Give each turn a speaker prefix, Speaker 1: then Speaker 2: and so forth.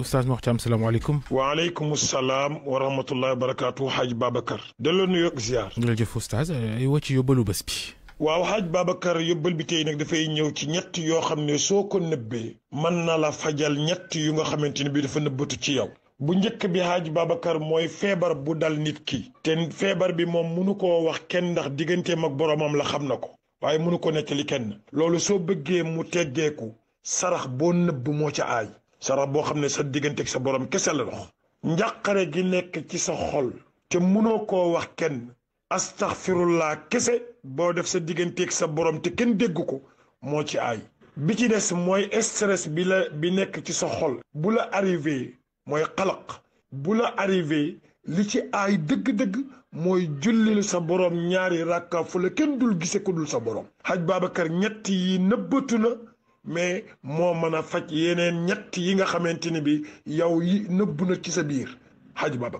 Speaker 1: استاذ محترم السلام عليكم
Speaker 2: وعليكم السلام ورحمه الله وبركاته حاج بابكر دلو نيويورك زيار
Speaker 1: دلو جف استاذ اي واتش يوبلو بس بي
Speaker 2: واو حاج بابكر يوبل بي تي نك دا فاي نييو تي نيت يو خامني سوكو نبي من نا لا فاجال نيت يوغا خامنتيني بي دا فا نبوتو تي ياو bu njëkk bi haaj babacar mooy feebar bu dal nit ki te feebar bi moom munu koo wax kenn ndax diggante mag boromam la xam ko waaye munu ko nettali kenn loolu soo bëggee mu teggeeku sarax boo nëbb moo ca aay sa boo xam ne sa digganteeg sa borom kese la dox njàqare gi nekk ci sa xol te munoo koo wax kenn astaxfirullaa kese boo def sa digganteeg sa borom te kenn dégg ko moo ci aay bi ci des mooy stress bi la bi nekk ci sa xol bu la arrivé mooy xalaq bu la arrivé li ci aay dëgg-dëgg mooy jullil sa borom ñaari rakka la kenn dul gise ku dul sa borom haj Babacar ñett yi nëbbatu na mais moo mën a faj yeneen ñett yi nga xamante ni bi yow yi nëbb na ci sa biir xaaj ba